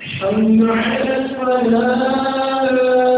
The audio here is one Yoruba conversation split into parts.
حي على الصلاه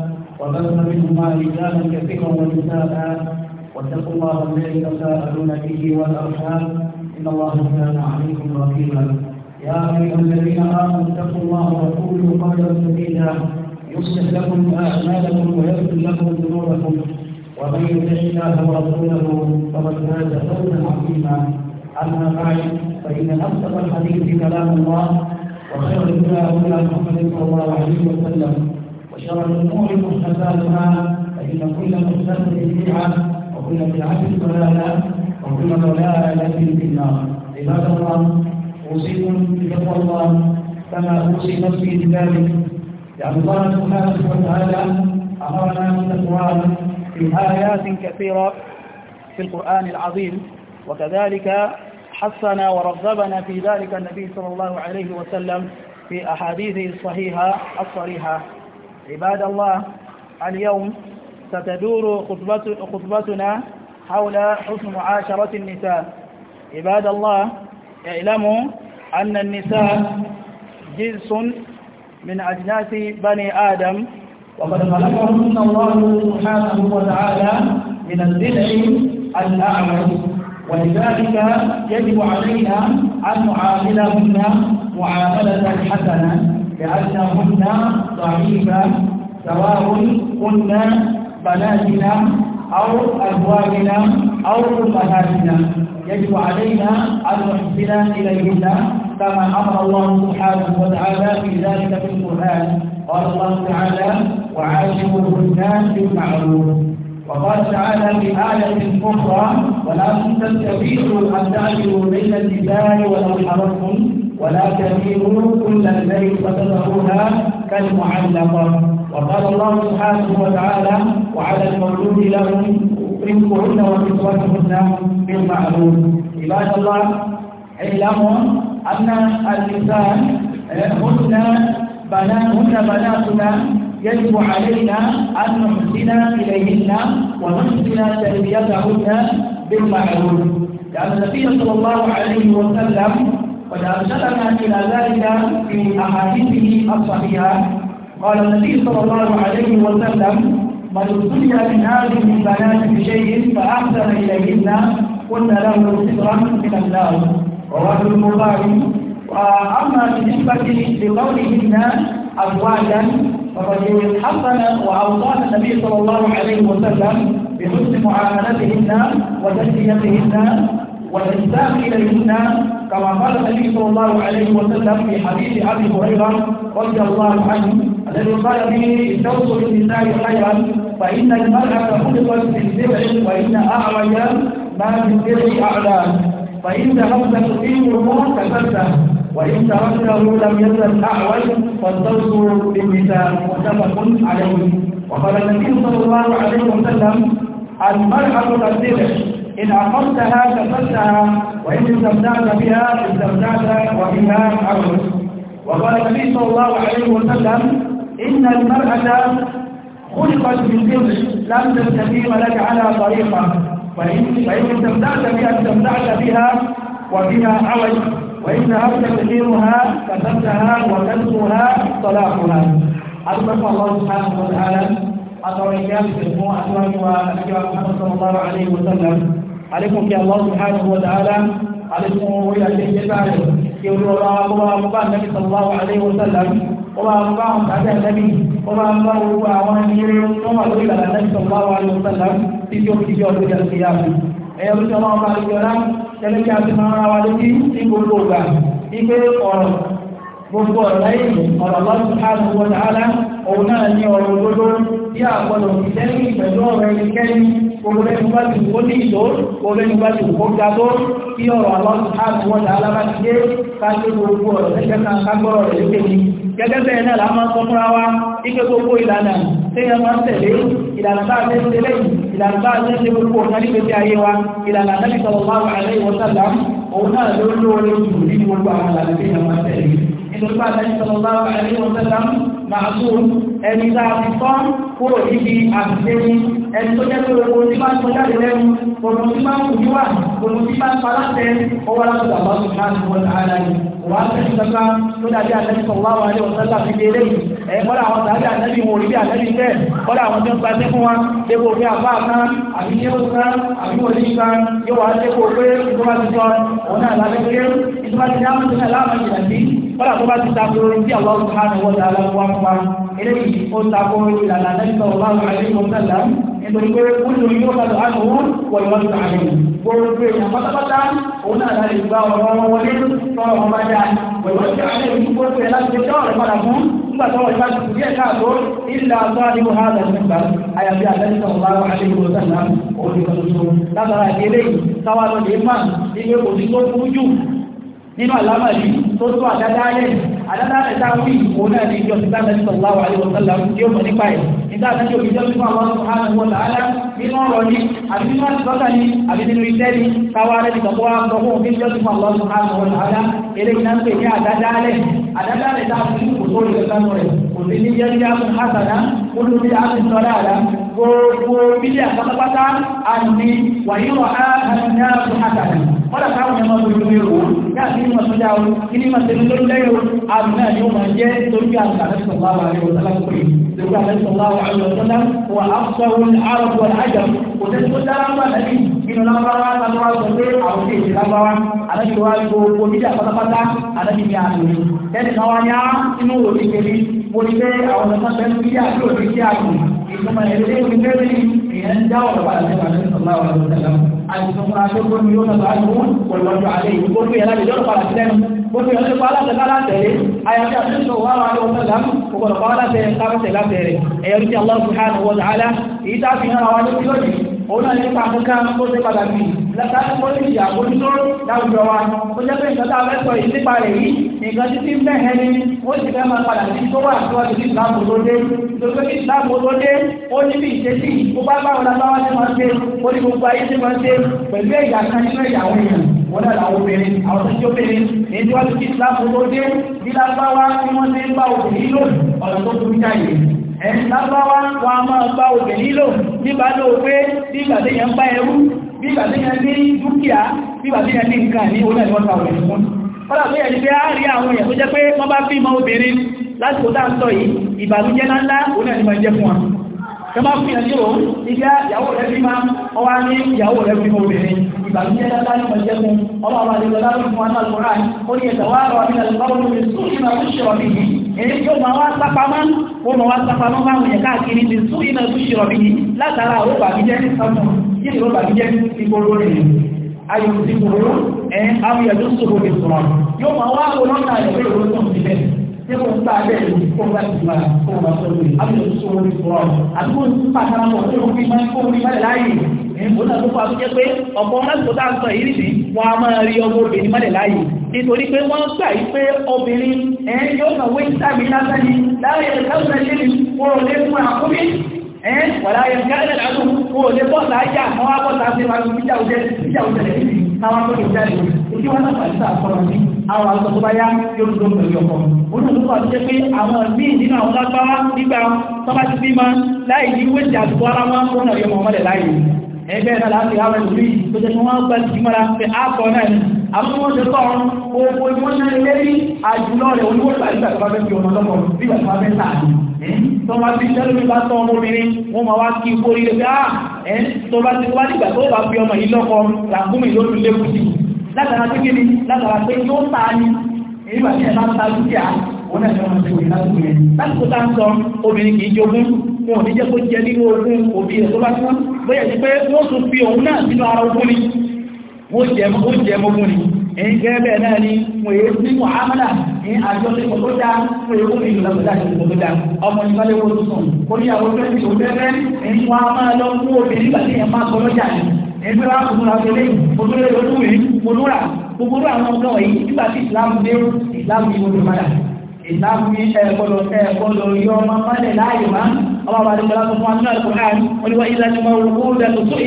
وبث منهما رجالا كثيرا ونساء واتقوا الله الذي تساءلون به والارحام ان الله كان عليكم رقيبا يا ايها الذين امنوا اتقوا الله وقولوا قولا سديدا يصلح لكم اعمالكم ويغفر لكم ذنوبكم ومن يطع الله ورسوله فقد فاز فوزا عظيما اما بعد فان اصدق الحديث كلام الله وخير الهدى هدى محمد صلى الله عليه وسلم وشر الأمور محدثاتها فإن كل محدثة بدعة وكل بدعة ضلالة وكل ضلالة في النار عباد الله أوصيكم بتقوى الله كما أوصي نفسي بذلك لأن الله سبحانه وتعالى أمرنا بالتقوى في آيات كثيرة في القرآن العظيم وكذلك حثنا ورغبنا في ذلك النبي صلى الله عليه وسلم في أحاديثه الصحيحة الصريحة عباد الله اليوم ستدور خطبتنا حول حسن معاشرة النساء عباد الله اعلموا أن النساء جنس من أجناس بني آدم وقد خلقهن الله سبحانه وتعالى من الضلع الأعمى ولذلك يجب علينا أن نعاملهن معاملة حسنة لأنهن ضعيفة سواء كنا بناتنا أو أبوابنا أو أمهاتنا يجب علينا أن نحسن إليهن كما أمر الله سبحانه وتعالى في ذلك في القرآن قال الله تعالى الهنان بالمعروف وقال تعالى في آية أخرى ولا تستبيحوا أن تعدلوا بين النساء ولو حرمتم ولا تميلوا كل الليل فتن كالمعلقة وقال الله سبحانه وتعالى وعلى المولود له رزقهن وكسوتهن بالمعروف عباد الله علموا أن الإنسان آه، هن بناتنا بناتنا يجب علينا أن نحسن إليهن ونحسن تربيتهن بالمعروف لأن النبي صلى الله عليه وسلم قد أرشدنا إلى ذلك في أحاديثه الصحيحة قال النبي صلى الله عليه وسلم من ابتلي من هذه البنات بشيء فأحسن إليهن قلنا له سترا من النار رواه البخاري وأما بالنسبة لقولهن أزواجا فقد حسن وأوصانا النبي صلى الله عليه وسلم بحسن معاملتهن وتسليتهن والإنسان إليهن كما قال النبي صلى الله عليه وسلم في حديث أبي هريرة رضي الله عنه الذي قال به استوصوا للنساء خيرا فإن المرأة خلقت في درع وإن أعرج ما من درع أعلى فإن ذهبت تقيمه كسرته وإن تركته لم يزل أعوج فاستوصوا للنساء متفق عليه وقال النبي صلى الله عليه وسلم المرأة كالدرع إن أخذتها كفلتها وإن استمتعت بها استمتعت وبها أرض وقال النبي صلى الله عليه وسلم إن المرأة خلقت من قبل لم تستقيم لك على طريقة فإن استمتعت بها استمتعت بها وبها عوج وإن ذهبت تغييرها كسبتها وكسرها طلاقها أتبقى الله سبحانه وتعالى سبحانه وتعالى في الله سبحانه محمد صلى الله عليه وسلم àlékún kí Allah subhanahu wa ta'ala àlékún orí àṣẹjẹta rẹ̀ kí olúwa bá wà mú bá nàbí sallallahu alaihi wa sallam ó bá mú bá wọn tàbí àtàbí ó bá mú bá orúkọ àwọn ẹnìyẹrẹ tó wà lórí ìlànà nàbí sallallahu alaihi wa sallam tí yóò fi jẹ́ ọdún ìjọba ìyá ní gbogbo ìgbà wípé gbogbo ẹni bá ti wò ní ìlò gbogbo ẹni bá ti wò ga tó kí ọ̀rọ̀ àwọn àti wọn dà lábá ti dé ká tó gbogbo ọ̀rọ̀ ẹgbẹ́ kan ká gbọ́rọ̀ rẹ̀ lókè ní gẹ́gẹ́ bẹ́ẹ̀ náà la máa sọ fúnra wa ike gbogbo ìlànà tí a máa tẹ̀lé ìlànà bá tẹ́ ṣe lẹ́yìn ìlànà bá tẹ́ ṣe ní gbogbo ìlànà tí a ìtòlúbà lẹ́yìn sọ̀rọ̀lá àrí ọ̀sẹ̀lám màásùn ẹni tá a fi tán kúrò níbi àbìsẹ́yìn ẹni tó jẹ́ pé owó tí máa ń kọjá lè lẹ́nu ọ̀nà tí máa ń kù níwà ọ̀nà tí máa ń paláṣẹ ọwọ́ aláṣọ àbáṣọ máa ń wọ ààrẹ wà á tẹ̀sí kankan tó dàbí àtẹ́sí sọ̀rọ̀lá àrí ọ̀sẹ̀lá fi dé lẹ́yìn ẹ̀ kọ́dà àwọn tàbí àtẹ́bí wọn orí bí àtẹ́bí tẹ́ kọ́dà àwọn tó ń gbaṣẹ́ kọ́lá tó bá ti ta kóró bí àwọn ọ̀sán wọ́n ta aláwọ̀ wá pa eléyìí ó ta kóró ìlànà lẹ́yìn ọ̀bá àlẹ́yìn ọ̀sánlá nítorí pé ó lò ní ọ̀sán tó àná owó wọ̀nyí wọ́n ta àlẹ́ gbogbo èèyàn pátápátá òun náà láti gba ọ̀rọ̀ wọn wọlé tọrọ wọn bá dáa wọ̀nyí wọ́n ta àlẹ́ yìí gbogbo ẹ̀ láti ṣe ọ̀rọ̀ padà fún nígbà tó wọ́n ti bá ti kú díẹ̀ káàtó ilẹ̀ àtọ́ àdìgbò ha àgbà nígbà àyàfi àtẹ́sítọ̀ ọ̀bá àdìgbò sàlám òdìgbò tuntun látara ìdílé yìí táwa lọ lè máa ilé òdìgbò fún jù nínú àlámàrí tó tó àdádálẹ̀ àdádálẹ̀ táwí ìwò náà ní ìjọ títà náà sọ̀rọ̀ láwà àríwọ̀ sọ́là tí ó mọ̀ nípa ẹ̀ nígbà tí ó fi jọ́ fífún àwọn ọmọ àwọn ọmọ nínú ọ̀rọ̀ ni àbí nínú àtìsọ́tà ni àbí nínú iṣẹ́ ni káwà rẹ̀ nìkan kó òsì ní yẹ́ ní àtún hasana kúlù ní àtún sọ́láàlá gbogbo bílíà pátápátá àti wàyíwọ̀ ààrùn ní àtún hasana wọ́n láwọn ẹmọ ìlú ìrò láti ní mọ̀sọ́já o kí ní mọ̀sẹ̀lú tó lẹ́yìn àrùn náà yóò máa jẹ́ torí àrùn àrẹ́sọ̀láwà rẹ̀ òtọ́lá pé torí àrẹ́sọ̀láwà rẹ̀ òtọ́lá wà á sọ́rọ̀ àrùn wà ájá kò tẹ́ tó dára wà lẹ́yìn nínú lábára lábára sọ pé àwọn èdè lábára àdájọ́ wa gbogbo bílíà pátápátá wòlíbẹ́ àwọn ọmọ sẹ́nu bí yá yóò fi kí àgùn ìgbìmọ̀ ẹ̀rẹ́ ìgbìmọ̀ èèyàn ń dá ọ̀rọ̀ bá àti ìbàdàn sọ̀lá ọ̀rọ̀ sọ̀lá àìsànmọ́ aṣọ́gbó ni ó nàbà àgbọ̀n pọ̀lọ́jọ́ alẹ́ ìlú gbogbo ẹ̀rọ ìjọba padà sí lẹ́nu gbogbo ẹ̀rọ ìjọba alátẹ̀ká látẹ̀lé ayàtí àtúnṣe wà wà lọ́wọ́ sọ̀lá ọgbọ̀n pa alátẹ̀ káfẹ́sẹ̀ látẹ̀rẹ̀ ẹ̀yọ́rí láti mọ́ ní ìyà àbójútó láwùjọ wa ó jẹ́ pé nǹkan tá a fẹ́ sọ yìí nípa rẹ̀ yìí nǹkan tí ti ń bẹ̀ ẹni ó sì fẹ́ máa padà sí tó wà tó wà sí ìsìlámù tó dé nítorí pé ìsìlámù tó dé ó ní bí ìṣesí ó bá báwọn lábáwá ti máa ṣe ó ní gbogbo ayé ti máa ṣe pẹ̀lú ẹ̀yà kan nínú ẹ̀yà àwọn èèyàn wọ́n náà obìnrin àwọn tó ń jó obìnrin èyí tí wọ́n ti fi ìsìlámù tó tí wọ́n ti ń bá obìnrin lò ọ̀nà tó ẹ̀yìn lábáwá wọn a máa bá obìnrin lò nípa ló pé bí ìgbàdéyàn bá ẹrú bí ìgbàdéyàn ní dúkìá bí ìgbàdéyàn ní nǹkan ní orílẹ̀-èdè obìnrin fún kọ́lá tó yẹ ni pé a rí àwọn èèyàn tó jẹ́ pé wọ́n bá fi mọ obìnrin lásìkò tá ń sọ yìí ìbànújẹ́ ńláńlá orílẹ̀-èdè máa jẹ́ fún wọn kẹmá fi ẹ̀sí ro ibi ìyàwó rẹ̀ fi máa ọwá ní ìyàwó rẹ̀ fi obìnrin ìbànújẹ́ dáadáa ní ọjẹ́gun ọlọ́ọ̀bá lè lọ́lá fún wọn náà lọ́rá ó ní ẹ̀sẹ̀ wá rọ̀ èyí tó ma wá sápamọ́ ó ma wá sápamọ́ báwọn yẹn káàkiri ti sún iná tó ṣe rọ̀bí látara ó bàbíjẹ́ ní sọ́nà kí ni ó bàbíjẹ́ ti gbogbo rẹ̀ ayò ti gbogbo ẹ̀ àwọn yẹn tó sòrò lè sọ̀rọ̀ yóò ma wá wọ lọ́nà ìwé ìwé tó ń tilẹ̀ tí wọ́n ń bá abẹ́ ìlú kó bá ti máa kó bá tó lè àwọn yẹn tó sòrò lè sọ̀rọ̀ àti wọ́n ti pàtàkì nítorí pé wọ́n gbà yí pé obìnrin ẹ̀yìn yóò kàn wé tàbí lásán ni láàrin ẹ̀lẹ́kàwùn ẹ̀lẹ́ ni kúrò lé fún àkóbí ẹ̀yìn wàlá ẹ̀yìn gáàrẹ̀ lásán kúrò lé bọ́ọ̀sà ajá àwọn abọ́ta sí wa ìjà òjẹ́ ìjà òjẹ́ lẹ́yìn táwọn tó lè jáde ojú wọn náà pàṣẹ àkọrọ ní àwọn àwọn tọ́kọ́ bá yá yóò dúró pẹ̀lú ọkọ̀ olùdókòwò àti jẹ́ pé àwọn míì nínú àwọn lágbára nígbà tọ́ba ti bímọ láì ní wéjì àtúkọ́ ara wọn kó náà yọmọ ọmọdé láàyè ẹgbẹ́ náà láti ráwẹ̀ lórí tó jẹ́ pé wọ́n gbá ti mọ́ra pé àkọ́ náà àbúkọ́sẹ̀tọ́ owó ìmọ́ṣẹ́ lẹ́rí àjùlọ rẹ̀ olúwọ́sà nígbà tó bá fẹ́ fi ọmọ lọ́kọ̀ nígbà tó bá fẹ́ sáàdì tó bá ti tẹ́lú mi bá tọ́ ọmọbìnrin wọ́n máa wá kí ipò ilé pé áà ẹ́ tó bá ti wá nígbà tó bá fi ọmọ yìí lọ́kọ̀ làkúmì lórí lẹ́kù sí látara pé kíni látara pé yóò ta ni nígbà tí ẹ̀ bá ta dúkìá òun náà fẹ́ wọn ti wòye lásìkò yẹn lásìkò tá ń sọ obìnrin kì í jogún wọn ò ní jẹ́ kó jẹ nínú ogún wọ́n jẹ mọ́ wọ́n jẹ mọ́ fún ni ẹ̀yìn gẹ́gẹ́ náà ni wọ́n èé sí mọ̀hámàdà ní àjọṣepọ̀ tó dá wọ́n èé fún ìlú lọ́gbọ̀dá ìṣẹ̀lẹ̀ tó dá ọmọ ìbálẹ̀ wọ́n tó sùn kó ní àwọn tó ń tó fẹ́fẹ́ ẹ̀yìn wọn a máa lọ fún obìnrin nígbà tí ẹ̀ máa kọ lọ́jà ni ẹgbẹ́ wa kò múra tẹ́lẹ̀ òtúlẹ̀ olúwẹ̀ olúra gbogbo àwọn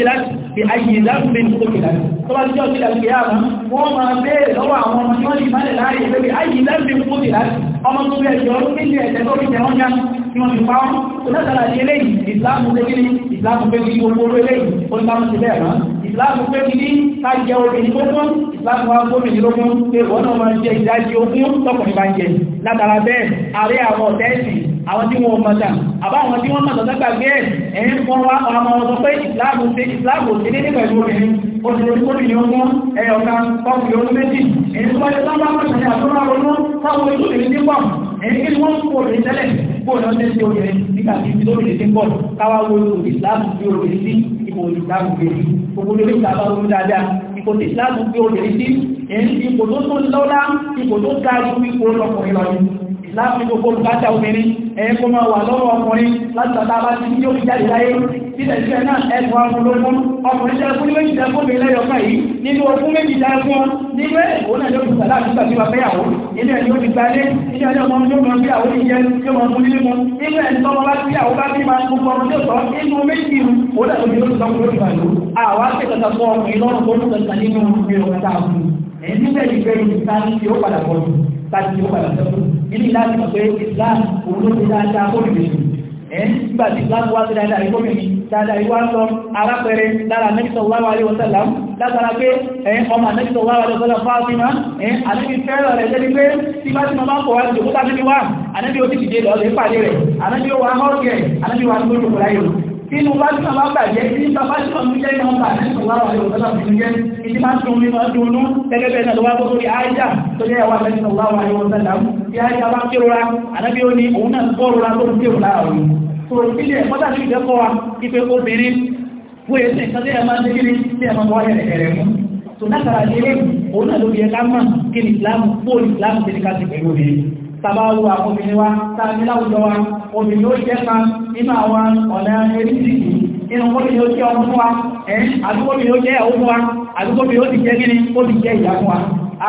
ọmọ bí ayé láàrín ní òkèlà tó bá jọ sí àgbéyà wọn máa béèrè lọ́wọ́ àwọn ọmọ tí wọ́n lè má lè láàrin pé ayé láàrín ní òkèlà ọmọ tó bẹ̀ẹ̀ jọ ní ẹ̀jẹ̀ tó fi jẹ wọ́n yá tí wọ́n ti pa ọ́ tó lẹ́sàrà sí eléyìí ìsìláàmù pé kí ní ìsìláàmù pé kí ní gbogbo oró eléyìí ó ní bámú sí bẹ́ẹ̀ mọ́ ìsìláàmù pé kí ní ká jẹ obìnrin gbogbo ìsìláàmù wa gómìnà lógún pé wọ́n náà máa jẹ ìdájí ogún tọkùnrin bá ń jẹ látara bẹ́ẹ̀ àárẹ̀ àwọn ọ̀tẹ́ẹ̀sì àwọn tí wọ́n mọ̀ta àbá àwọn tí wọ́n mọ̀ta sẹ́gbàgbé ẹ̀yìn fún wa ọmọ ọmọ pé ìsìláàmù sí ìsìláàmù sí ní pẹ̀lú obìnrin obìnrin ogún ẹ̀yọ̀kan ọkùnrin ogún méjì èyí tó bá yẹ sábà mọ̀ta ní àtúnwà ronú sáwọn ojú ìrìn nípa èyí tí wọ́n kò rí tẹ́lẹ̀ bóòlù ọdún tí obìnrin nígbà tí ibi tó bìnrin ti ń bọ̀ káwá wo olùdí láàbù bí obìnrin sí ipò olùdáàbò gbèrè gbogbo lórí ìtàbá olú dáadáa ipò tí láàbù obìnrin sí ipò tó tó lọ́lá ipò tó ga ipò ọkùnrin lọ láti gbogbo olùbájá obìnrin ẹ̀yìn kó máa wà lọ́wọ́ ọkùnrin láti tàbá bá ti ní nínú ọdún méjì dáa fún ọ nínú ẹ̀ òun náà yóò fi sàlá àti sàbí wa fẹ́yàwó nínú ẹ̀ yóò fi gbalé nínú ẹ̀ ọmọ yóò mọ bí àwọn oníjẹ yóò mọ mú nínú mu nínú ẹ̀ tọ́mọ bá bí àwọn bá bí máa ń gbogbo ọdún yóò sọ nínú méjì òun náà yóò fi sọ fún lórí ìbàlú àwa ṣe kàkà fún ọkùnrin lọ́rùn tó ń kàkà nínú ìrọ̀lẹ́ tá a fún ẹ̀yìn níbẹ̀ ìgbẹ́yìn ta ni yóò padà bọ̀ tàbí yóò padà sẹ́kù nínú ìlànà pé Islam òun ló ti dáadáa ó lè nígbà tí láti wá sí dáadáa ikọ́ mìí dáadáa ìwá sọ arápẹrẹ lára nẹ́bìsọ̀láwà alẹ́wọ̀sẹ́lám látara pé ọmọ nẹ́bìsọ̀láwà alẹ́wọ̀sẹ́lám fáàfíìmá àlẹ́bì fẹ́rẹ̀ rẹ̀ lẹ́ni pé tí bá ti máa kọ̀wàá jù kúta níbi wá àlẹ́bì ó ti dìde lọ́ọ̀lẹ́ pàdé rẹ̀ àlẹ́bì ó wà mọ́rùn-ún àlẹ́bì wà ní gbogbo láyé inú bá tí wọ́n bá bàjẹ́ tí bàbá tí wọ́n jẹ́ ìwọ̀n bá ní ìwọ̀n àríwọ̀sọ́lá fi jẹ́ ìdí máa tún nínú ọdún inú gẹ́gẹ́ bẹ́ẹ̀ náà lọ́wọ́ tó rí àìjá tó jẹ́ ìwọ̀n àríwọ̀sọ́lá àríwọ̀sọ́lá tí àìjá bá kírora àdábí ó ní òun náà gbọ́rora tó ń kírora ọ̀run tó ìpínlẹ̀ mọ́tàlì ìdẹ́kọ́ wa ipé obìnrin wó ẹsẹ̀ ìkan tí ẹ máa ń dégírí tí ẹ máa wáyé ẹ̀rẹ̀ mú tó látara ilé òun náà ló yẹ ká mọ̀ kí ni ìsìlámù bóòl ìsìlámù ti ní ká ti pẹ̀lú obìnrin tàbá wo àwọn obìnrin wa tàbí níláwùjọ wa obìnrin ó jẹ́ kan nínú àwọn ọ̀nà eréjìkì nínú kóbìnrin ó jẹ́ ọmọ wa ẹ̀ àdúgbòbìnrin jẹ́ ẹ̀hún wa àdúgbòbìnrin ti jẹ́ gíní ó ti jẹ́ ìyá wa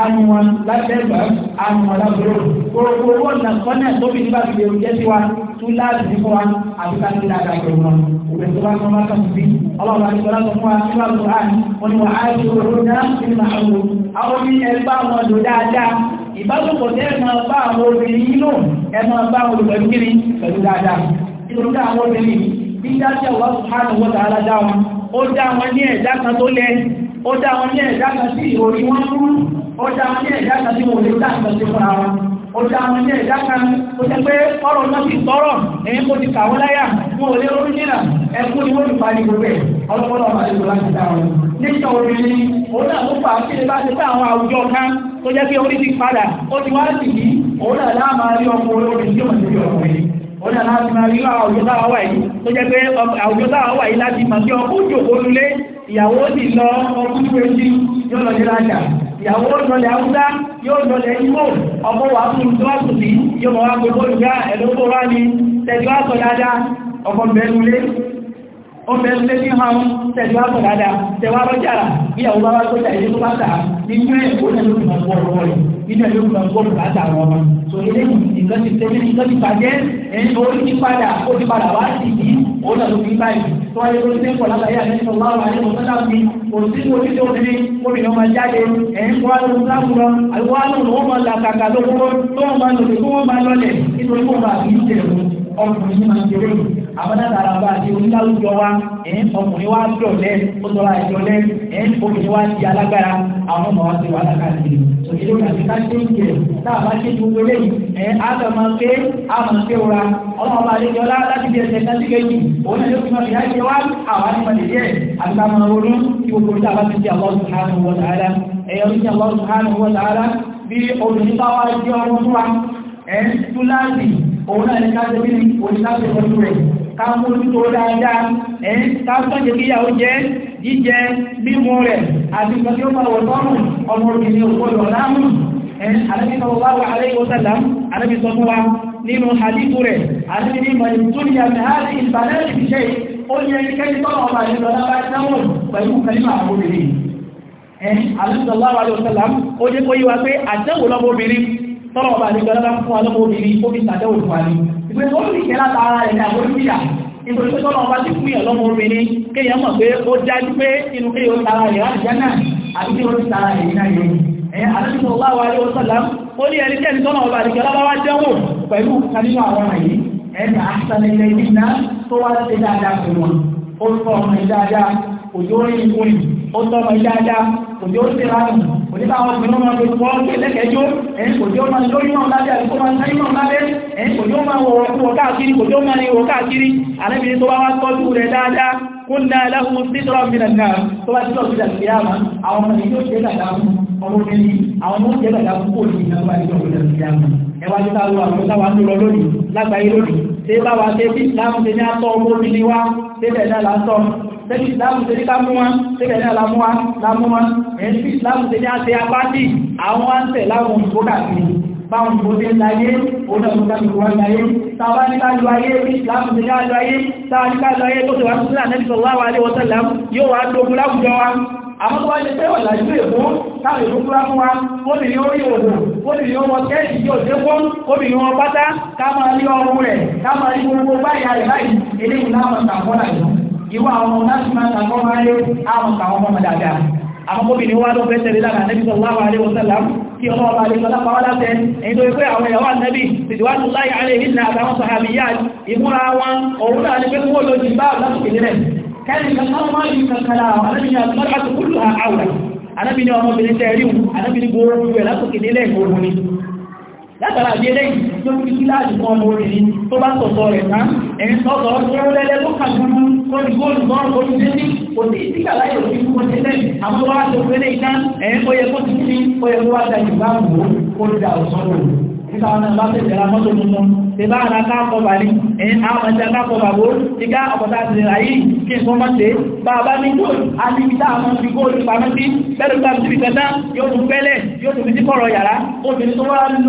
àníwọ̀n látẹ́gbà àníwọ̀n lábúrò gbogbo owó ọ̀nà kọ́nà tó fi nípa fi èrò jẹ́ sí wa tún láti fi fún wa àti ká nílá àgbàgbà wọn òbẹ̀ tó bá tán bá kàn sí ọlọ́run àti ọlọ́run fún wa tí wàá tún àní wọn ni wà á ti rò náà nínú àwọn àwọn ní ẹgbà wọn lò dáadáa ìbálòpọ̀ tẹ́ ẹ máa bá àwọn obìnrin yìí lò ẹ máa bá àwọn olùpẹ̀lú kiri pẹ̀lú dáadáa nítorí pé àwọn obìnrin bí dáadáa wà sùn ó dá wọn ní ẹ̀dá kan sí ìròrí wọn mú ó dá wọn ní ẹ̀dá kan sí wọn lè dá nǹkan sí fúnra wọn ó dá wọn ní ẹ̀dá kan ó jẹ́ pé ọ̀rọ̀ náà ti tọ́rọ̀ èyí kò ti kàwọ́ láyà wọn ò lè ronú nílà ẹkún ni wọ́n ti parí gbogbo ẹ̀ ọlọ́pọ̀lọ́ máa lè láti dá wọn nígbà orin ni òun náà ló fà á sí ibà ti pé àwọn àwùjọ kan tó jẹ́ pé orí ti padà ó ti wá sí yìí òun náà láà máa rí ọmọ olórin tí ó mọ̀ sí ọkùnrin ọ̀nà láti máa rí àwùjọ táwà wà yìí tó jẹ́ pé àwùjọ táwà wà yìí láti máa jẹ́ ọkùnjò olúlé ìyàwó sì lọ ọdún méjì yóò lọ nílá àjà ìyàwó lọlẹ̀ haúsá yóò lọlẹ̀ igbó ọmọ wà fún ìtọ́sù sí yóò mọ̀ wá gbogbo olùgá ẹ̀lọ́gbò wá ní tẹ̀síwá sọ dáadáa ọkọ̀ bẹ̀rù lé ọ̀fẹ́ ilé ní ha ń tẹ̀lú àpò dáadáa tẹ̀wá rọ́jàrà bí àwọn bá wá tó tà ilé tó bá tà nínú ẹ̀ ó lẹ́nu tó máa gbọ́ ọ̀rọ̀ rẹ̀ nínú ẹ̀ ló máa gbọ́ ọ̀rọ̀ láti àwọn ọmọ tó ilé nǹkan ti tẹ́lẹ̀ nǹkan ti bàjẹ́ ẹni tó ti padà ó ti padà wá sí i ó nà ló fi báyìí tó wáyé ló ti ń pọ̀ látàrí àtẹ́sọ̀ láwọn àyẹ̀wò sọ́dà mi kò sí orí tó ti obìnrin ọmọ jáde ẹ̀yìn kọ́ ló ń sáàmù lọ àìwọ́ àlọ́ ló wọ́n máa là kàkà lóko tó wọ́n máa lòdì tó wọ́n máa lọlẹ̀ nítorí wọ́n ọkùnrin yìí máa ń jẹrẹ yìí àbádàtàrà bá àti oníláwùjọ wa ẹ̀ẹ́n ọkùnrin wa dọ̀lẹ́ ó tọ́ra ìjọlẹ́ ẹ̀ẹ́n obìnrin wa di alágbára àwọn ọmọ wa ti wà lákàtì òṣèlú àti káṣí ń jẹ náà bá ṣe gbogbo eléyìí ẹ̀ẹ́n á sọ máa pé á máa pé ora ọmọ ọba àlejò ọlá láti di ẹsẹ̀ láti kéjì òun náà ló fi máa fi láti wá àwọn ànímọ̀lẹ̀ díẹ̀ àti ká máa ronú kí gbogbo ìta bá ti di àwọn subhanahu wa ta'ala ẹ̀yọ́ ní àwọn subhanahu wa ta'ala bí obìnrin bá wá jẹ́ ọmọ fún òun náà ní ká ṣe kíni oníkàṣe pẹ̀lú rẹ̀ ká mú títò dáadáa ẹ̀ ká sọ́jẹ̀ kíyàwó jẹ́ jíjẹ mímú rẹ̀ àti ìgbà tí ó máa wọ̀ tọ́rùn ọmọ obìnrin òkúrò láàmú ẹ̀ alẹ́bíkọ̀ọ́wọ́ alẹ́yọ́sẹ̀lám alẹ́bí sọ fún wa nínú hadithu rẹ̀ alẹ́bí ní mọ̀ ìtúnyà mẹ́hàlì ìbàlẹ́ ìṣẹ́ ó ní ẹnikẹ́ni tọ́nà ọba ìlú ọlọ́pàá ìdáwọ̀ pẹ̀lú kẹlímà obìnrin ẹ̀ alẹ́bíkọ̀ọ́wọ́ alẹ́yọ́sẹ̀lám ó jẹ́ tọ́lọ̀ ọba àti ìjọba fún alọ́mọ obìnrin omi ìtàjẹ́ òfin wa ni ìgbé tó ń rìn láta ara rẹ̀ ní àbójúyà nítorí pé tọ́lọ̀ ọba ti fún yàn lọ́mọ obìnrin kéèyàn mọ̀ pé ó jájú pé inú kéèyàn ó tara rẹ̀ láti jẹ́ náà àbí kí ó ti tara rẹ̀ náà yẹn ẹ̀yìn àdúgbò wà wà ní ọ̀sọ̀lá ó ní ẹni tẹ́ni tọ́lọ̀ ọba àti ìjọba wá dẹ́wò pẹ̀lú kanínú àwọn àyè ẹ̀yìn àṣà nílẹ̀ ìdí náà tó wá ṣe dáadáa pẹ̀lú wọn ó sọ ọmọ ìdáadáa òjò rí ìkúrì ó tọ́mọ dáadáa òjò ó ṣe ránù òjò táwọn obìnrin máa fi wọ́n ṣe lẹ́kẹ̀ẹ́jọ́ òjò máa ń lórí náà lábẹ́ àti kó máa ń sáyé náà lábẹ́ òjò máa wọ̀ wọ̀ káàkiri òjò máa ní wọ̀ káàkiri àlẹ́bìnrin tó bá wá tọ́jú rẹ̀ dáadáa kó ń dá aláwọ̀ sídọ́rọ̀ mìíràn náà tó bá sídọ̀ sí ìdàkìyàmá àwọn ọmọ ìjọ ṣe dàdá fún ọmọ obìnrin àwọn ọmọ ìjọ dàdá fún òní ìjọba ìjọ ìdàkìyàmá ẹwà tí táwọn àwọn táwọn ń lọ lónìí lágbàáyé lónìí tí bá wa ṣe bí láwọn ṣe ní àtọ ọmọ obìnrin wa débẹ̀ náà látọ̀ tẹ́lẹ̀ ìsìláàmù tẹ́lẹ̀ ká mú wọn tẹ́lẹ̀ náà lámú wọn lámú wọn ẹ̀yìn tí ìsìláàmù tẹ́lẹ̀ àti apáàtì àwọn àǹtẹ̀ láwọn òyìnbó kàkiri báwọn òyìnbó tẹ́ láyé onáàmùdáàmù wọn láyé tàbá ní ká lọ ayé ìsìláàmù tẹ́lẹ̀ àjọ ayé tàbá ní ká lọ ayé tó tẹ̀wà sí sallallahu alaihi wasallam yóò wá lókun láwùjọ wa àwọn tó wá jẹ́ pé ọ̀là ìlú èkó táwọn èkó kúrá fún wa kóbìnrin orí òdò kóbìnrin ọmọ kẹ́ẹ̀kì tí ó dé fún kóbìnrin ọmọ pátá ká máa rí ọrùn rẹ̀ ká máa rí gbogbo báyà rẹ̀ báyìí eléhùn náà mọ̀ ìwà àwọn national àwọn ọmọ ayé àwọn àwọn ọmọ dáadáa àwọn obìnrin wá ló fẹ́ tẹ̀lé lára nẹ́bí sallallahu alaihi wasallam kí ọmọ ọba alẹ́ sọ́lá pàwọ́ látẹ́ èyí tó wípé àwọn ìyàwó ànẹ́bí ìdíwájú láyé alẹ́ ìrìnà àtàwọn sàhàbíyà ìmúra wọn òun náà ní pé kí wọ́n lọ sí bá lásìkò nílẹ̀ kẹ́rin kankan máa yìí kankan lára ànẹ́bí àti mọ́lá àti kúrò àwọn ànẹ́bí ni ọmọbìnrin tẹ́rí ànẹ́bí ni gbogbo ẹ̀ lásìkò nílẹ̀ ìgbòho ni látara àbí eléyìí tó kí kí láàájú fún ọmọ obìnrin tó bá sọ̀tọ̀ rẹ̀ tán ẹ̀rin sọ́tọ̀ tó lẹ́lẹ́ tó kà gbogbo lórí góòlù lọ́rùn tó ti dé sí kò sí ìsíkà láyé òfin fún ọjọ́ lẹ́yìn àwọn tó wá tó fẹ́lẹ̀ ìdá ẹ̀rin ó yẹ kó ti sí ó yẹ kó wá da ìgbà wò ó kó dá òsán lòrùn nígbà wọn bá fẹ́ ṣe bá ara káàkọba ní ẹ̀yìn àwọn ọjà káàkọba bó ti ká ọ̀pọ̀ta ti rà yìí kí n fún mọ́ ṣe bá bá ní góòlù alìbítà àwọn ti góòlù pàmọ́ sí pẹ̀lú pàmọ́ sí ìfẹ́ta yóò tún pẹ́lẹ̀ yóò tún fi sí kọ̀rọ̀ yàrá obìnrin tó ní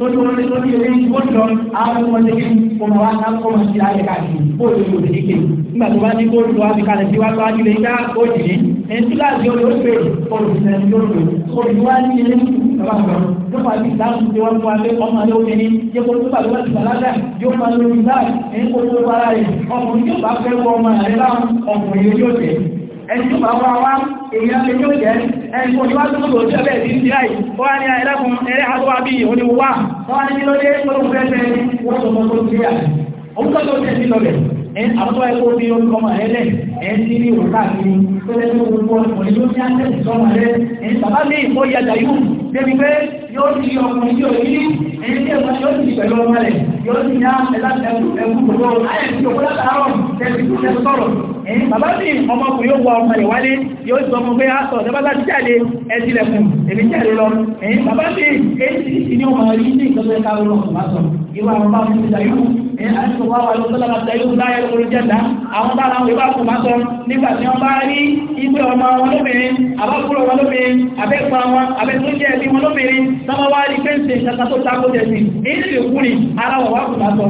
tó ní ní ọmọ ẹni bá wọn ló fà bí ìdáhùn tí wọ́n fún wa pé ọmọ alẹ́ obìnrin yẹ kó tó bàbá ti bàlágà yóò máa lo ìgbà ẹni kó tó bára rẹ̀ ọkùnrin yóò bá fẹ́ wọ ọmọ rẹ̀ láwọn ọkùnrin yóò jẹ́ ẹni tó bá wá wá èèyàn lè yóò jẹ́ ẹni kò ní wá tó tó jẹ́ bẹ́ẹ̀ sí ti láì ó wá ní ẹlẹ́kùn ẹrẹ́ àtọ́wà bí òun ni wá ní lóde tó ń wọ́n tó mọ́ tó débi pé yóò di ọkùnrin tí ò ní ẹni tí ẹ̀fọ́ yóò di pẹ̀lú ọmọ rẹ̀ yóò di ní ẹ̀kú ẹ̀kú gbogbo ayẹ̀ tí òkú látàárọ̀ tẹ̀sí tó tẹ̀sí sọ̀rọ̀ bàbá mi ọmọkùnrin yóò wọ ọmọ rẹ̀ wálé yóò sọ fún pé aṣọ ọ̀dọ́ bá ti jáde ẹtì lẹ̀kùn èmi jáde lọ bàbá mi èyí ti ní ọmọ rí ní ìtọ́jú ẹ̀ka lọ́kùnrin bá sọ ìwà àwọn bá mi ti dà yóò àìsùnwá wà ló sọ́lá àti ẹ̀yọ́ láyé lórí jẹ́ta àwọn bára wọn bá kùn bá sọ nígbà tí wọ́n bá rí ìgbé ọmọ wọn lóbìnrin àbákúrò wọn lóbìnrin abẹ́pa wọn abẹ́túnjẹ́ ẹbí wọn lóbìnrin sọ́mọ́ wá rí pẹ́ǹsì ṣàtà tó tako tẹ̀sí èyí lè kú ara wọn wá kùn bá sọ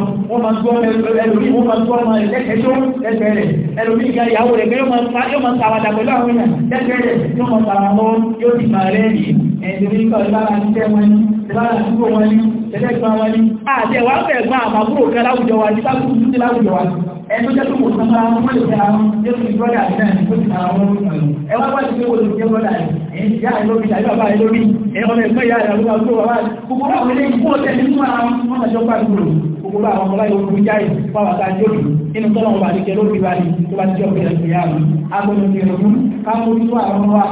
ẹlẹ́gbà wa ní àti ẹ̀wà fẹ̀gbà àbàbúrò kẹ láwùjọ wa ní sákùrù sí láwùjọ wa ẹni tó jẹ́ tó kò sọ́mọ́ àwọn ọmọ ìfẹ́ àwọn jésù ìbọ́dà náà ní kó ti àwọn ọmọ ìfẹ́ ẹwà bá ti pé olùsí jẹ́ bọ́dà ẹ̀yìn ìyá ìlóbi tàbí bàbá ìlóbi ẹ̀yìn ọmọ ẹ̀gbẹ́ ìyá ìyàwó àgbò bàbá gbogbo àwọn ilé ìkú ọ̀tẹ̀ nínú àwọn ọmọ ìjọ pàgbòrò gbogbo àwọn ọmọ láyé ogun jáì fáwọn àtàjọ́lù nínú tọ́lọ̀ wọn bá ti jẹ́ lóbi wa ní tó bá ti jọ́ pé ẹ̀sìn yàrá agbọ́dọ̀ ti rọ̀gún ká mójútó àwọn ọmọ wa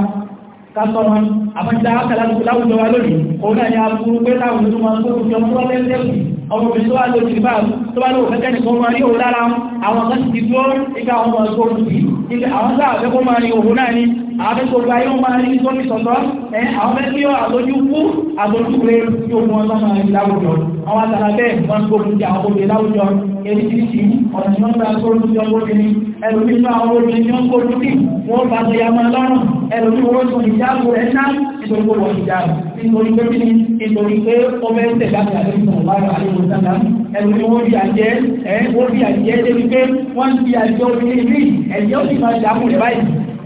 kásọ̀mọ́ àmọ́já akàlàkùláwùjọ wa lónìí òun náà ni a burú pé láwọn ìlú máa ń kókò jọ fún ọlẹ́lẹ́sì ọmọbìnrin tó wà lórí bá tó bá lóò fẹ́kẹ́ nìkan máa rí òun lára àwọn kan ti dúró nígbà àwọn ọmọ ọgbọ́n ti ilé àwọn sáà fẹ́ kó máa rí òun náà ni àwọn gbogbo ayé wọn máa rí tó ní sọ̀tọ̀ ẹ̀ àwọn fẹ́ kí ó àlójú kú àlójú rẹ̀ tí ohun ọ̀sán máa rí láwùjọ àwọn àtàrà bẹ́ẹ̀ wọ́n ń gbógun ti àwọn obìnrin láwùjọ èyí ti ti ọ̀nà tí wọ́n ń gba gbógun ti ọmọ obìnrin ẹlòmí inú àwọn obìnrin ni wọ́n gbógun ti wọ́n bá tó ya máa lọ́rùn ẹlòmí wọ́n sọ ìjáàbò rẹ̀ ná nítorí pé wọ́n ìjáàbò nítorí pé kí ni nítorí pé ó fẹ́ ń tẹ̀lé àti àti ìsọ̀rọ̀ bá rà nínú sáà ẹlòmí wọ́n bí àjẹ́ ẹ̀ wọ́n bí àjẹ́ débi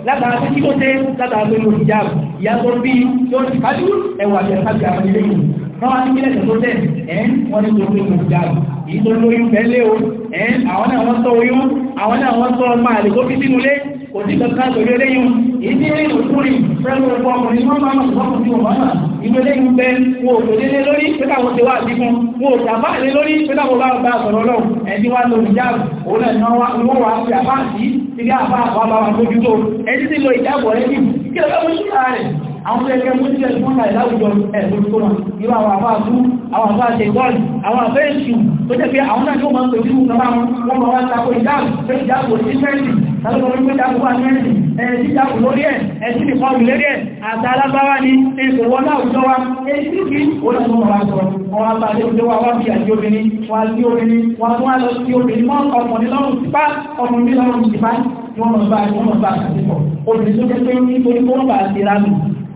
látara pé kí ló dé látara pé mo ìjà ìyá tó bí yóò ti kájú ẹwà jẹ kájú àwọn ilé yìí wọ́n wá ní kílẹ̀ tó tẹ̀ ẹ́ wọ́n ní tó pé mo ìjà èyí tó lórí ń fẹ́lé o ẹ́ àwọn náà wọ́n tọ́ oyún àwọn náà wọ́n tọ́ ọmọ àlè tó fi sínú lé kò sí kankan lórí eléyìn ìdí rí òkúrí pẹ̀lú ọ̀pọ̀ ọkùnrin wọ́n máa ń sọ́kùn sí ọmọ náà ìlú eléyìn bẹ wo òkòdélé lórí pẹ́tàwọ́ ti wá àdíkún wo òtàbá lé lórí pẹ́tàwọ́ bá ọ̀gbà sọ̀rọ̀ lọ́wọ́ ẹ̀dí wá lórí jáàbù òun náà ni wọ́n ìgbà àbá àbá àbá àbójútó ẹni tí lọ ìdábọ̀ rẹ̀ kí ọlọ́mọ sí ààrẹ̀ àwọn ẹgbẹ́ múlẹ̀ ìfúnra ìláwùjọ ẹ̀mùsùnà irú àwọn àfáàkú àwọn àfáàṣẹ ìgbọ́ọ̀lù àwọn àfẹ́ẹ̀ṣù tó jẹ́ pé àwọn náà tó máa ń pẹ̀lú ìrúnra wọn wọ́n máa wá tako ìdáàbò pé ìdáàbò sí fẹ́ẹ̀sì tàbí ọmọ ìgbẹ́ ìdáàbò wà ní ẹ̀sìn ẹ̀sìn ìdáàbò lórí ẹ̀ ẹ̀sìn ìfọ́ọ̀lù lérí ẹ̀ àti alábáwá ní ìṣòwò láwùjọ wa èyí kí olùmọ̀ wa sọ ọwọ́ bá lé òjò wa wá bí àti obìnrin wa sí obìnrin wa tún wá lọ sí obìnrin mọ́ ọmọdé lọ́rùn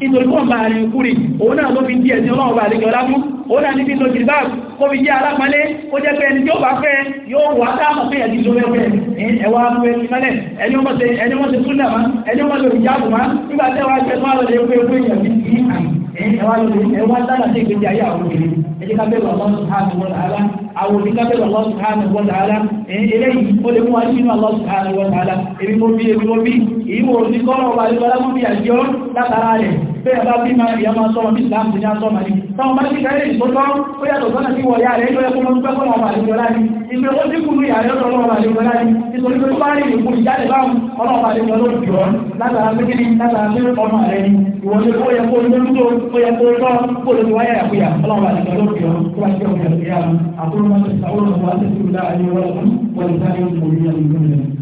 nítorí kọ́ bá rí kúrì òun náà ló fi díẹ̀ sí ọlọ́run bá lẹ́gbẹ̀ẹ́ ọlá fún òun náà níbi lójì bá kó fi jẹ́ alápálẹ́ ó jẹ́ pé ẹni tí ó bá fẹ́ yóò wà sáàmù fẹ́ ìmẹ́lẹ̀ ẹni ọmọ ṣe ẹni ọmọ dára sí ìgbésí bẹ́ẹ̀ bá bí máa ìyá máa sọ́rọ̀ ní ìlàmù ní àtọ́mà ní táwọn bá ní kẹrẹ ìtọ́tọ́ ó yàtọ̀ sọ́nà sí wọ̀yá rẹ̀ ìlú ẹkùn lọ́pẹ́ fọ́nà ọmọ àlejò láti ìgbẹ́ ó dínkù ní ààrẹ ọ̀rọ̀ ọmọ àlejò láti nítorí pé ó bá rí ìlú ìjáde báwọn ọlọ́pàá àlejò ló jù ọ́ látara pé kíni látara pé ọmọ rẹ ni ìwọ̀n ló yẹ kó ló tó ó yẹ kó lọ kó ló ti wáyà àkúyà ọlọ́pàá àlejò ló jù ọ́ tó bá jẹ́ ọmọ àlejò yára àkúrò máa ń sàwọn ọmọ àti ìlú láàrin wọn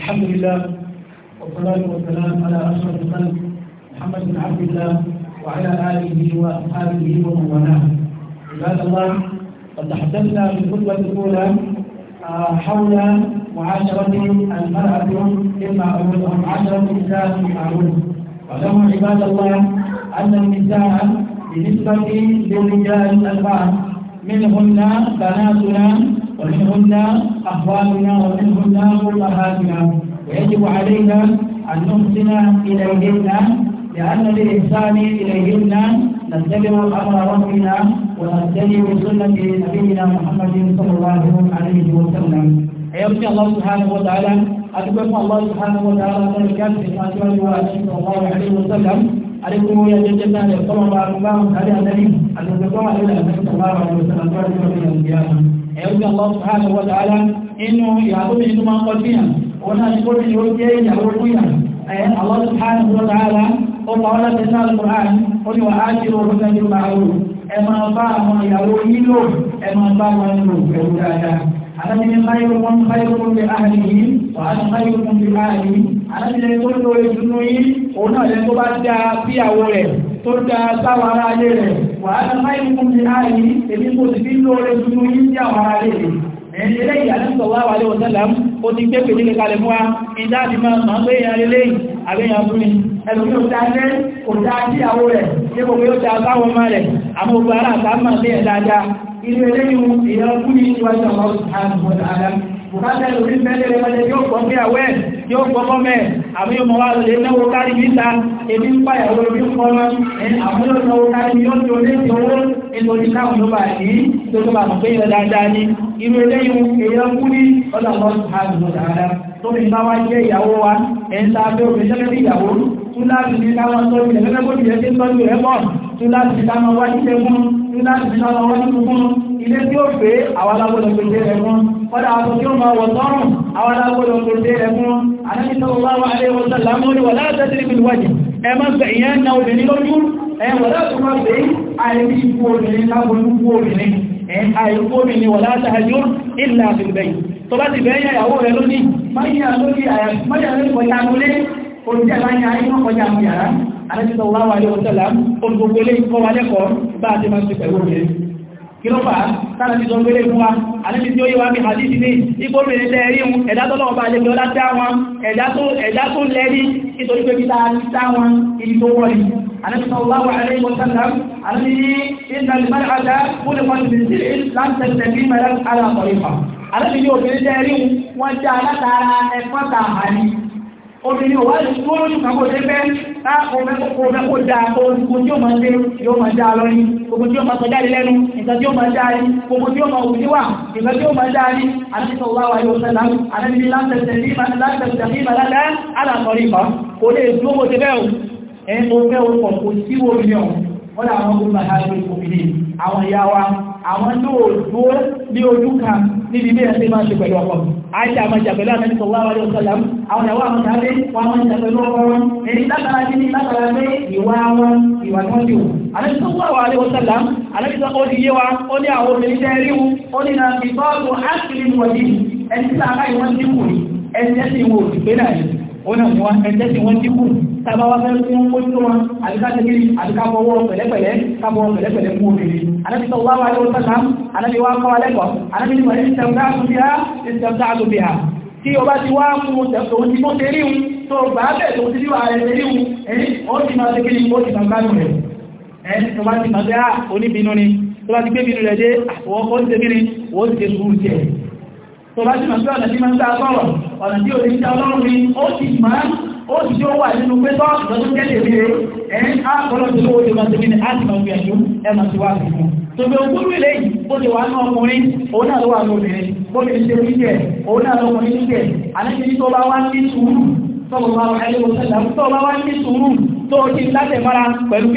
الحمد لله والصلاة والسلام على أشرف الخلق محمد بن عبد الله وعلى آله وأصحابه ومن والاه عباد الله قد تحدثنا في الخطبة الأولى آه، حول معاشرة المرأة إما أو معاشرة النساء بالمعروف ولهم عباد الله أن النساء بالنسبة للرجال البعض منهن بناتنا ومنهن أخواننا ومنهن أمهاتنا ويجب علينا أن نحسن إليهن لأن بالإحسان إليهن نتبع أمر ربنا ونتبع سنة نبينا محمد صلى الله عليه وسلم أيضا الله سبحانه وتعالى أتكلم الله سبحانه وتعالى ذلك في قاتل صلى الله عليه وسلم عليكم يا جدنا يقوم الله تعالى النبي أن يقوم على صلى الله عليه وسلم ẹ̀rù bí àwọn ọ̀sán àwọn ọ̀dáàlá inú ìyàwó mi inú máa ń kọjú yàn òun náà ni kóbi yóò jẹ́ ìyàwó fún yàn ẹ̀ àwọn ọ̀sán àwọn ọ̀dáàlá ó pa ọ́lá tẹ̀sí alukur'an ó ní wà á ṣe orúkọ ẹni máa rò ẹ máa bá àwọn ìyàwó yín lò báyìí wọn báyìí wọn bí ààrẹ yìí wà á báyìí wọn bí ààrẹ yìí alábìnrin tó lóore dunu yìí òun náà lẹ́nu bá dáa bí àwọ̀ rẹ̀ tó da sáwọn ará ayé rẹ̀ wàhálà máyì fún mi láàyè èmi kò sì fi lóore dúdú yín sí àwọn ará ayé rẹ̀ ẹ̀yìn eléyìí àdúgbò wà wà léwọ̀ sẹ́lá ó ti gbé pèlè kalẹ̀ fún wa ìdá àti máa máa ń gbé ìyá lélẹ́yìn àbẹ́yàn fún mi ẹlùmí ò dáa jẹ́ kò dáa sí àwọ rẹ̀ ní gbogbo yóò dáa sáwọn ọmọ rẹ̀ àmọ́ gbogbo ara àtàmà sí ẹ̀ dáadáa inú eléyìí ìyá fún mi níwájú àwọn yóò gbọ́gbọ́ mẹ́ àbí yóò mọ̀ wá lè náwó kárí níta ebi ń pa ìyàwó orí fún ọmọ àwọn yóò náwó kárí yóò tó lé ti owó nítorí káwọn ló bá ní tó tó bá mọ̀ pé yọ dáadáa ní irú eléyìí èèyàn kú ní ọ̀dà wọn tó hàn lọ dáadáa tó fi bá wá jẹ́ ìyàwó wa ẹ̀ ń ta abẹ́ òfin sẹ́lẹ̀ ìyàwó tún láti ní káwọn tó ilẹ̀ gẹ́gẹ́ bó tilẹ̀ sí tọ́jú rẹ̀ pọ̀ tún láti ní káwọn wá jíjẹ fún tún láti ní káwọn wá jíjẹ fún ilé tí ó fẹ́ àwọn alágbọ́dọ̀ pèsè rẹ̀ fún kọ́dà àwọn tí ó máa wọ̀ sọ́rùn àwọn alágbọ́dọ̀ pèsè rẹ̀ fún Ànábì sallallahu alaihi wa sallam ní wala tadribu al-wajh ẹ má bẹ̀ ìyẹn na obìnrin lójú ẹ wala tó má bẹ̀ àìrí ikú obìnrin lábúrú obìnrin ẹ àìkú obìnrin wala tahjur illa fil bayt kìlọ́fà tánàbí tó ń gbélé fún wa alẹ́bí tí ó yíwa bí hadith ní ibòmìnrin lẹ́rí un ẹ̀dá tó lọ́wọ́ bá lè gbọ́lá dá wọn ẹ̀dá tó lẹ́rí nítorí pé títà dá wọn ibi tó wọ́n rí alẹ́bí tó wá wà alẹ́ ìwọ̀sánlám alẹ́bí ní ìdàlùmọ́lá fún ìpọ̀lùmí sí obìnrin ò wá lè tó lójú kan kó dé ah, fẹ́ á ọmọ kó dáa ogun tí ó máa dé yóò máa dáa lọ ní ogun tí ó máa sọjáde lẹ́nu nǹkan tí ó máa dáa ní ogun tí ó máa wù níwà nǹkan tí ó máa dáa ní àtìsọ wáwà yóò sẹ́lá àtìsí látẹ̀sẹ̀ ní ìbàlálẹ́ alàkọ̀rí kan kò lè dúró kó dé bẹ́ẹ̀ o ẹni tó fẹ́ orúkọ kò sí wo ní ọ̀hún wọ́n dà àwọn gbogbo àtàrí òkùnrin àwọn ìyá wa àwọn tó dúró ní ojú kan níbi bí ẹ̀sẹ̀ máa ṣe pẹ̀lú ọkọ àìṣà máa jà pẹ̀lú àmẹ́sọ̀ wà wà lọ́sọ̀lá àwọn ìyàwó àwọn tàbí wọn máa jà pẹ̀lú ọkọ wọn èyí látara sí ní látara pé ìwà wọn ìwà tó ń dìwò àmẹ́sọ̀ wà wà lọ́sọ̀lá ó di yé wa ó ní àwọn obìnrin tẹ́ ríwu ọ̀nà wọn ẹ̀tẹ́ tí wọ́n dínkù tàbá wá fẹ́ fún ó tó wọn àdíkájẹ́gí àdíkábọ̀wọ́ pẹ̀lẹ́pẹ̀lẹ́ kábọ̀ pẹ̀lẹ́pẹ̀lẹ́ fún obìnrin anábìtọ̀ wá wá yóò tọ́lá anábìwá kọ́ alẹ́kọ̀ọ́ anábìwá ìṣẹ̀mdá tí ọba ti wá mú ọ̀tẹ̀kọ̀ òun ti mọ́ tẹ́rí tó gbà á bẹ̀ẹ̀ tó ti ríwà rẹ̀ tẹ́rí un ẹ̀yìn ti máa tẹ́kí ní ó ti máa rẹ̀ ẹ̀yìn tó bá ti máa ah, tẹ́ tó bá ṣìmọ̀ sí ọ̀nà tí máa ń dáa sọ́rọ̀ ọ̀nà tí ò ní já ọlọ́run ni ó ti máa ó ti tí ó wà nínú pé tọ́ lọ́dún kẹ́lẹ̀ rí rẹ̀ ẹ̀ ápọ̀lọ́ tí ó wọlé máa ti ní láti máa gbìyànjú ẹ máa ti wá sí fún tó bí ogún rí lẹ́yìn ó ti wà ní ọkùnrin òun náà ló wà ní obìnrin bóbi ní ṣe orí jẹ òun náà lọkùnrin ní jẹ àlejò ní tó bá wá ní sùúrù tọ́bọ̀ bá wà ní ọ̀sẹ̀lá tó bá wá ní sùúrù tó ti látẹ̀ mara pẹ̀lú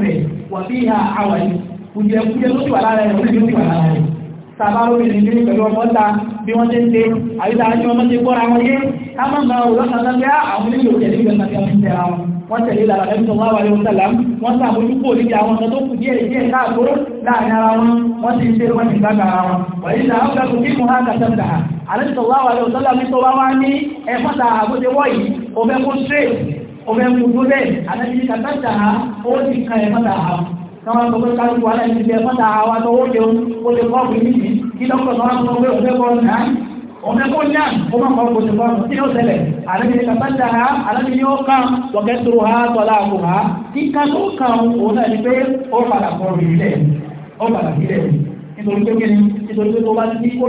bí wàbí ìhà àwàyè kùjẹkùjẹ ló ti wà lára rẹ̀ oníbi ó ti wà lára rẹ̀ sábà lórí nìyí pẹ̀lú ọmọ ta bí wọ́n ti ń ṣe àyíká tí wọ́n ti kọ́ra wọn yé ká má máa wò lọ́sàn án lẹ́yà ah, àwọn oníbi ò tẹ̀lé ìgbà tí wọ́n ti tẹ̀ra wọn wọ́n tẹ̀lé ìlànà ẹ̀mí tó wá wà lóun sàlám wọ́n sàbójú kò níbi àwọn ọmọ tó kù díẹ̀ díẹ̀ ọbẹ̀ kutu bẹ́ẹ̀ alábìyí kàtà tà á ó ti ka ẹ̀ mọ́ta á káwọn tó fẹ́ kálukú alábìyí tẹ mọ́ta á wa tó ó lè ó lè kọ́ ọ̀gbìn níbi kí dọ́kítọ̀ náà tó fẹ́ ọbẹ̀ kọ́ ọ̀nà ọbẹ̀ kọ́ nyà ó má kọ́ kutu kọ́ kí ló ṣẹlẹ̀ alábìyí kàtà tà á alábìyí ó kàn wọ́kẹ́ tó ha tọ́lá kó ha kí ká tó kàn òun náà ni pé ó padà kọ́ ọ̀gbìn nítorí pé kí ni nítorí pé tó bá ti kó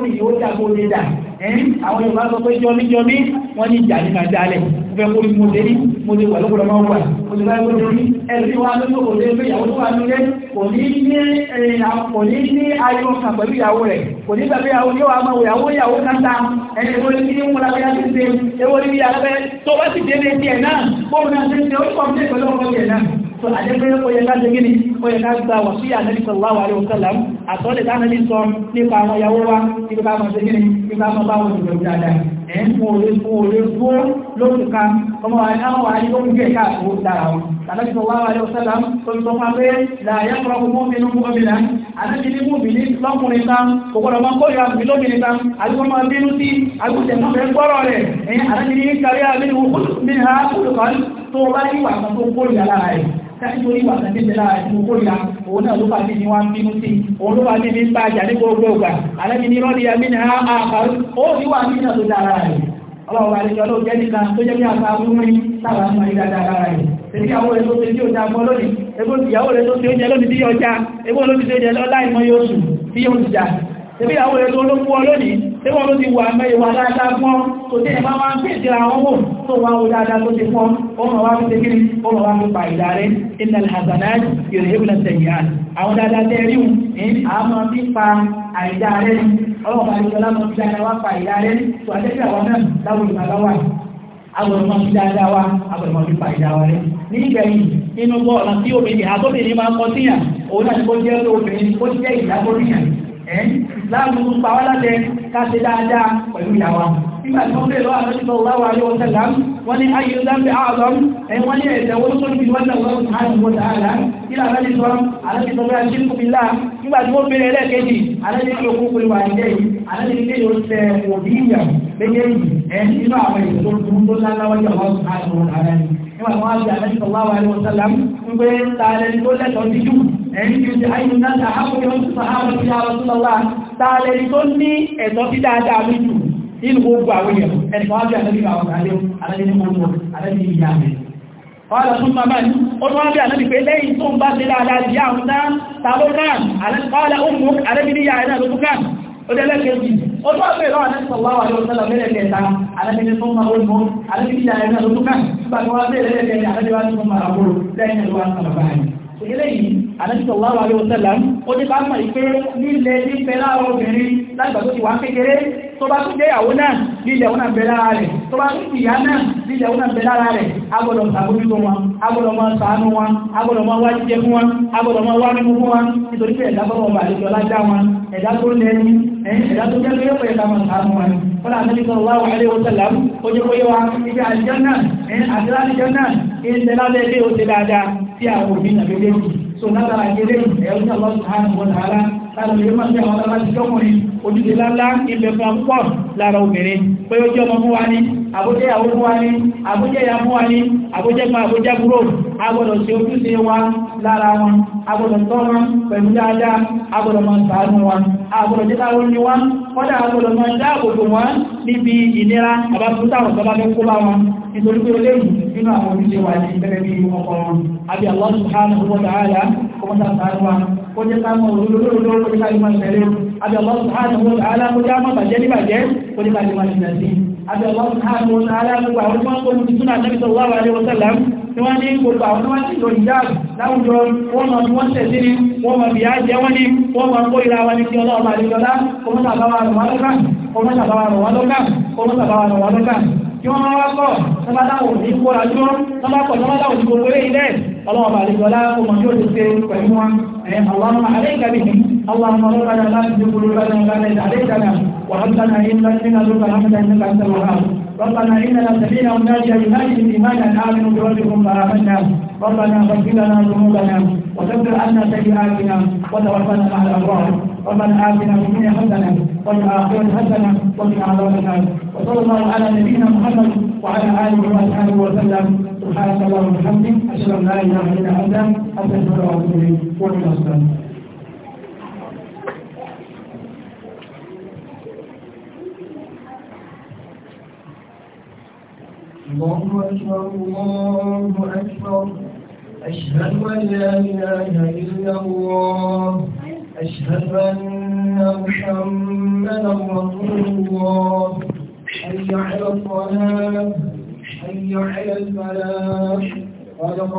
àwọn yorùbá sọ pé jọmí jọmí wọ́n ní ìjà ní máa dálẹ̀ mo fẹ́ kórí mo lérí mo lè wà lókùnrin máa wà mo lè báyìí lórí ẹ̀rí wa lórí kò lè fẹ́ ìyàwó tó wà nílé kò ní ní eh, ayọ̀ kan pẹ̀lú ìyàwó rẹ̀ kò ní gbàgbé ìyàwó yóò wá máa wò ìyàwó ìyàwó káńtà ẹni tó ní ní múra bóyá ti ṣe ewé ní ìyàwó tó bá sì dé ní ẹ̀ná bóun náà ti ṣe ó kọ̀ tó àjẹ́gbẹ́ ó yẹ ká jẹ́ gíní ó yẹ ká gba wà sí ànábì sallallahu alaihi wasallam àtọ́lẹ̀ tánàbí sọ nípa àwọn ìyàwó wa nípa bá máa jẹ́ gíní nípa máa bá wọn ìgbẹ̀rù dáadáa ẹ̀ ń fún orí fún orí fún lóṣù kan ọmọ àwọn ayélujẹ́ káàkó dára wọn tàbí sallallahu alaihi wasallam tó ń sọ fún abẹ́ láyé kọ́kọ́ mú mi nínú gómìnà àti ní mú mi ní lọ́kùnrin tán kòkòrò máa ń kó ìyá mi lómìnir tán àdúgbò máa bínú sí àgùntẹ̀ náà fẹ́ gbọ́rọ̀ rẹ̀ ẹ̀yìn àti ní kárí àbínú mi ha olùkọ́ tó bá yíwà kan tó kó ìyá lára rẹ̀ nítorí ìwà àti ìṣẹ̀lẹ̀ lára ìṣẹ̀lẹ̀ òkúrìlà òun náà ló bá ní ní wọ́n bínú sí òun ló bá ní ní ń bá àjà ní gbogbo ìgbà alẹ́bí ní rọ́ọ̀lì ẹ̀mí ní àpàrọ̀ ó ní wà ní ìṣẹ̀lẹ̀ tó dára rẹ̀ ọlọ́run bá níjọ ló jẹ́ nìkan tó jẹ́ bí àpá wúrin sábà ń mọ ìdá dára rẹ̀ èyí àwọn èso tó ti ó da fún lónìí ègbó ìyàwó rẹ̀ tó ti ó jẹ tí wọ́n ló ti wà mẹ́rin wà dáadáa fún tó tẹ́ ẹ̀má máa ń pè jẹ́ àwọn ohun tó wà ó dáadáa tó ti fún ọmọ wá fi tẹ́kiri ọmọ wá fi pa ìdarí iná alhazanaj yóò yóò lọ sẹ̀yìn àti àwọn dáadáa tẹ́ rí ní àmọ́ fi pa àìdarí ọlọ́pàá ìjọba mọ́ fi dáadáa wá pa ìdarí tó àtẹ́kẹ́ àwọn náà láwùjọ àbáwà agbọ̀nmọ́ fi dáadáa wá agbọ̀nmọ́ fi pa ìdáwà rẹ̀ ní ìgbẹ̀yìn nínú bọ́ọ̀lá tí obìnrin àtọ́bìnrin máa kọ́ síyàn òun láti kó jẹ́ obìnrin kó jẹ́ ìdágbóríyàn láàmú pàwọ́ láti káṣe dáadáa pẹ̀lú ìyàwó nígbà tí wọ́n bèèrè lọ́wọ́ àti ọ̀rọ̀ láwọ́ ayé ọ̀sẹ̀ lám wọ́n ní ayé lábẹ́ àádọ́m ẹ̀yìn wọ́n ní ẹ̀sẹ̀ wọ́n tó níbi wọ́n náà wọ́n hàn wọ́n dáadáa nígbà láti sọ aláti sọ pé àti ìkùnbí láà nígbà tí wọ́n bèèrè ẹlẹ́ẹ̀kejì aláti ní okú pé wà nílẹ̀ yìí aláti ní kéde oṣù òbí ìyàwó méjèèjì ẹ̀ nínú àwọn ètò tó ń tó láláwọ́ nígbà wọn á fi àlẹ́sì sọ̀rọ̀ àwọn àlẹ́ wọ̀sálàm ń pé tààlẹ́ tó lẹ́tọ̀ọ́ sí jù ẹ̀yìn tí ó ti àyìn náà ta àkókò ọdún sàárọ̀ sí àwọn ọlọ́lá tààlẹ́ tó ní ẹ̀tọ́ sí dáadáa mi jù nínú gbogbo àwọn èèyàn ẹnì kan wá bí àlẹ́bí àwọn àlẹ́ àlẹ́bí ní gbogbo àlẹ́bí ìyá tún wá bí àlẹ́bí pé lẹ́yìn tó ń bá ṣe dáadáa àwọn náà tàbí náà àlẹ́bí ní ìyá ẹ̀dá lókùnkàn ọdẹ́lẹ́kẹ́jì ọjọ́ àpẹẹ lọ́wọ́ anẹ́sọ̀láwà yóò tẹ́lọ mẹ́rẹ̀ kẹta alẹ́bẹ̀ẹ́ tó máa wọ́n mọ́ alẹ́bẹ̀ẹ́ ìyá ẹ̀rẹ́ lọ́dún kan nígbàtí wọ́n bẹ̀rẹ̀ lẹ́kẹ́jì alẹ́bẹ̀ẹ́ wá tó máa wọ́n lẹ́yìn ẹ̀rọ wá sọ̀rọ̀ báyìí eléyìí àdájútọ̀ wà wà lóòótọ́ làm ó ní bá mọ̀ ìpé nílẹ̀ ní pẹ̀lá obìnrin lágbà tó ti wà kékeré tó bá tún déyàwó náà nílẹ̀ òun náà bẹ̀lá rẹ̀ tó bá tún ìyá náà nílẹ̀ òun náà bẹ̀lá rẹ̀ agbọ́dọ̀ sàbójútó wọn agbọ́dọ̀ mọ́ ṣàánú wọn agbọ́dọ̀ mọ́ wá jíjẹ fún wọn agbọ́dọ̀ mọ́ wá mímú fún wọn nítorí pé ẹ̀dá bọ́bọ̀ àlejò lájá wọn ẹ̀dá tó lẹ́ni ẹ̀dá tó jẹ́ pé yóò pẹ̀lú káwọn ṣàánú wọn wọ́n àti nípa ọláwọ̀ ẹ̀rẹ́ òṣèlú ó jẹ́ kó yẹ wa ibi àjẹ́ náà àti sí àwọn òbí nàbí lẹ́yìn so látara ayẹyẹ ẹ̀rọ ní ọlọ́sùn subhanahu wa ta'ala lára lè máa ń bẹ́ àwọn alábàájú tọkùnrin ojúde lálá ilẹ̀ fún pọ̀ lára obìnrin pé ó jẹ́ ọmọ fún wa ní àbójẹ́ ìyàwó fún wa ní àbójẹ́ ìyá fún wa ní àbójẹ́ pa àbójẹ́ búrò agbọ́dọ̀ ṣe ojúṣe wa lára wọn agbọ́dọ̀ tọ́ wọn pẹ̀lú dáadáa agbọ́dọ̀ máa ṣàánú wọn agbọ́dọ̀ jẹ́ táwọn ní wọn kọ́dà agbọ́dọ̀ máa dáàbòbò wọn níbi ìnira àbábútàwọn tọ́bá fẹ́ kó bá wọn nítorí pé eléyìí nínú àwọn ojúṣe wa ní gẹ́gẹ́ bí ọkọ̀ wọn àbí Allah subhanahu wa ta'ala kọ́mọ́ ta sáré wa ó jẹ́ ká mọ olólóró ó jẹ́ ká lè máa tẹ̀lé àbí Allah subhanahu wa ta'ala kó já má bàjẹ́ ní bàjẹ́ ó jẹ́ ká lè máa tẹ̀lé sí àbí Allah subhanahu wa ta'ala gbogbo àwọn tí wọ́n kó ní sunnah Nabi sallallahu kí wọ́n máa wá kọ́ tọ́bátáwò ní kóra dúró tọ́bákọ̀ tọ́bátáwò ní gbogbo ilẹ̀ ọlọ́ọ̀bà àlejòlá ọmọ yóò ti ṣe pẹ̀lú wọn ẹ̀yẹn àwọn àlẹ́kàbìnrin اللهم ربنا لا تزغ قلوبنا بعد إذ هديتنا وهب لنا إنك من لدنك رحمة إنك أنت الوهاب ربنا إننا سمعنا مناديا ينادي بالإيمان أن آمنوا بربكم فآمنا ربنا فاغفر لنا ذنوبنا وتغفر عنا سيئاتنا وتوفنا مع الأبرار ربنا آتنا في الدنيا حسنة وفي الآخرة حسنة وفي عذاب النار وصلى الله على نبينا محمد وعلى آله وأصحابه وسلم سبحانك اللهم وبحمدك أشهد أن لا إله إلا أنت أستغفرك وأتوب إليك وإلى السلام الله أكبر الله أكبر أشهد أن لا إله إلا الله أشهد أن محمدا رسول الله حي على الصلاة حي على الفلاح